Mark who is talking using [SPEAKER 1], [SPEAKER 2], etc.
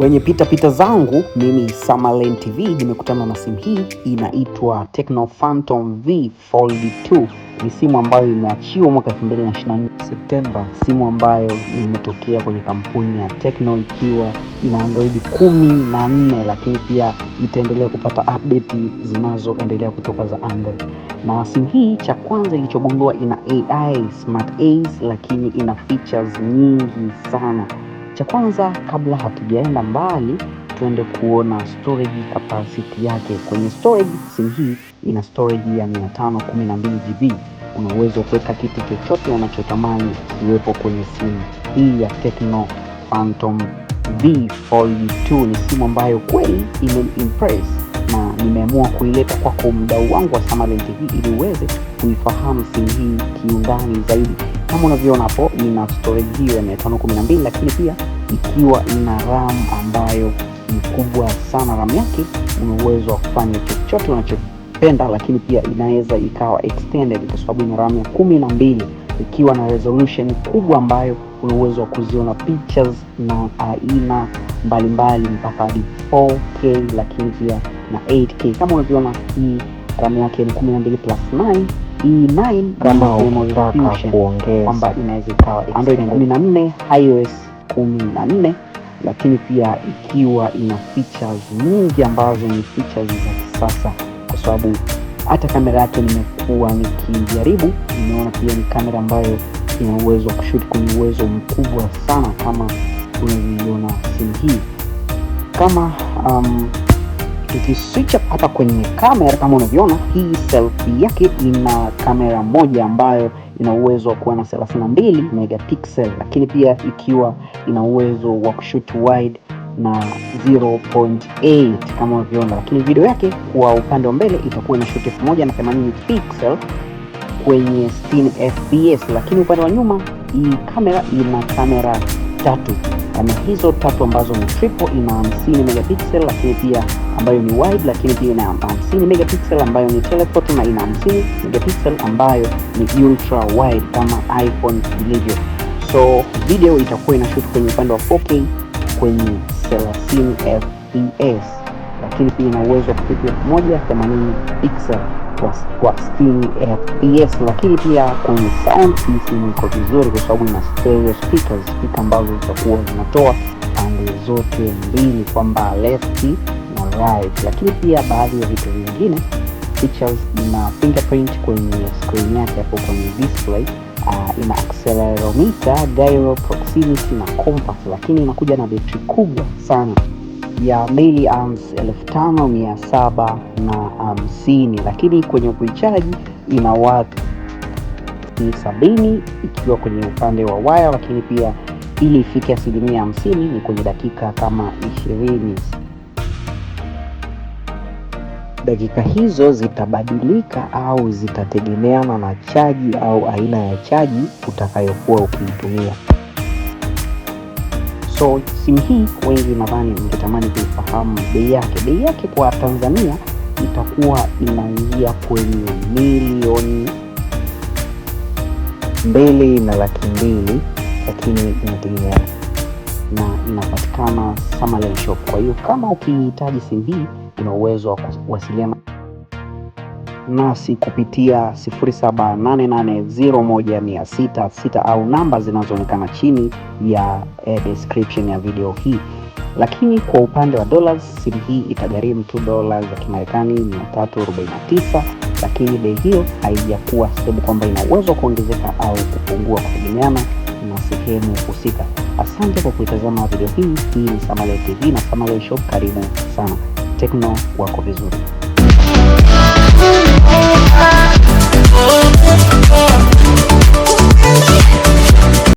[SPEAKER 1] Kwenye pita pita zangu mimi Samalen TV nimekutana na simu hii inaitwa Tecno Phantom V Fold 2. Ni simu ambayo imeachiwa mwaka 2024 Septemba, simu ambayo imetokea kwenye kampuni ya Tecno ikiwa ina Android kumi na nne, lakini pia itaendelea kupata update zinazoendelea kutoka za Android. Na simu hii cha kwanza ilichogundua ina AI smart aids, lakini ina features nyingi sana cha kwanza kabla hatujaenda mbali, tuende kuona storage capacity yake. Kwenye storage, simu hii ina storage ya 512 GB. Una uwezo wa kuweka kitu chochote unachotamani iwepo kwenye simu hii ya Tecno Phantom V42. Ni simu ambayo kweli imenimpress na nimeamua kuileta kwako mdau wangu wa Samalent TV ili uweze kuifahamu simu hii kiundani zaidi. Kama unavyoona hapo, ina storage hiyo ya 512 lakini pia ikiwa ina RAM ambayo ni kubwa sana. RAM yake una uwezo wa kufanya chochote unachopenda, lakini pia inaweza ikawa extended kwa sababu ina RAM ya kumi na mbili ikiwa na resolution kubwa ambayo una uwezo wa kuziona pictures na aina mbalimbali mpaka hadi 4K lakini pia na 8K kama unavyoona hii RAM yake ni 12 plus 9 E9 kama unataka kuongeza kwamba inaweza ikawa 14 iOS kumi na nne lakini pia ikiwa ina features nyingi ambazo ni features za kisasa, kwa sababu hata kamera yake nimekuwa nikijaribu, imeona pia ni kamera ambayo ina uwezo wa kushuti kwenye uwezo mkubwa sana kama unavyoiona simu hii. Kama um, tukiswitch hapa kwenye kamera, kama unavyoona hii selfi yake ina kamera moja ambayo ina uwezo wa kuwa na 32 megapixel, lakini pia ikiwa ina uwezo wa kushoot wide na 0.8 kama unavyoona, lakini video yake kwa upande wa mbele itakuwa na shoot 1080 pixel kwenye 60 fps, lakini upande wa nyuma hii kamera ina kamera tatu na hizo tatu ambazo ni triple ina 50 megapixel, lakini pia ambayo ni wide, lakini pia ina 50 megapixel ambayo ni telephoto na ina 50 megapixel ambayo ni ultra wide kama iPhone ilivyo. So video itakuwa inashoot kwenye upande wa 4K kwenye 30 fps, lakini pia ina uwezo wa kufikia 1080 pixel kwa, kwa 60 fps, lakini pia kwenye sound system iko vizuri kwa sababu ina stereo speakers, speaker ambazo zitakuwa zinatoa pande zote mbili kwamba left light, lakini pia baadhi ya vitu vingine features ina fingerprint kwenye screen yake hapo kwenye display. Uh, ina accelerometer, gyro, proximity na compass, lakini inakuja na betri kubwa sana ya milliamps 5750 lakini kwenye kuichaji ina watu sabini ikiwa kwenye upande wa waya, lakini pia ili ifike asilimia hamsini ni kwenye dakika kama ishirini dakika hizo zitabadilika au zitategemeana na chaji au aina ya chaji utakayokuwa ukiitumia. So simu hii wengi nadhani mngetamani kuifahamu bei yake. Bei yake kwa Tanzania itakuwa inaingia kwenye milioni mbili na laki mbili, lakini inategemeana na inapatikana Summerland Shop. Kwa hiyo kama ukihitaji simu hii una uwezo wa kuwasiliana nasi kupitia 0788016 au namba zinazoonekana chini ya e description ya video hii. Lakini kwa upande wa dollars, simu hii itagharimu tu dola za Kimarekani 349, lakini bei hiyo haijakuwa sehemu kwamba ina uwezo wa kuongezeka au kupungua kutegemeana na sehemu husika. Asante kwa kuitazama video hii. Hii ni Samalia TV na Samalia Shop, karibu sana. Tekno wako vizuri.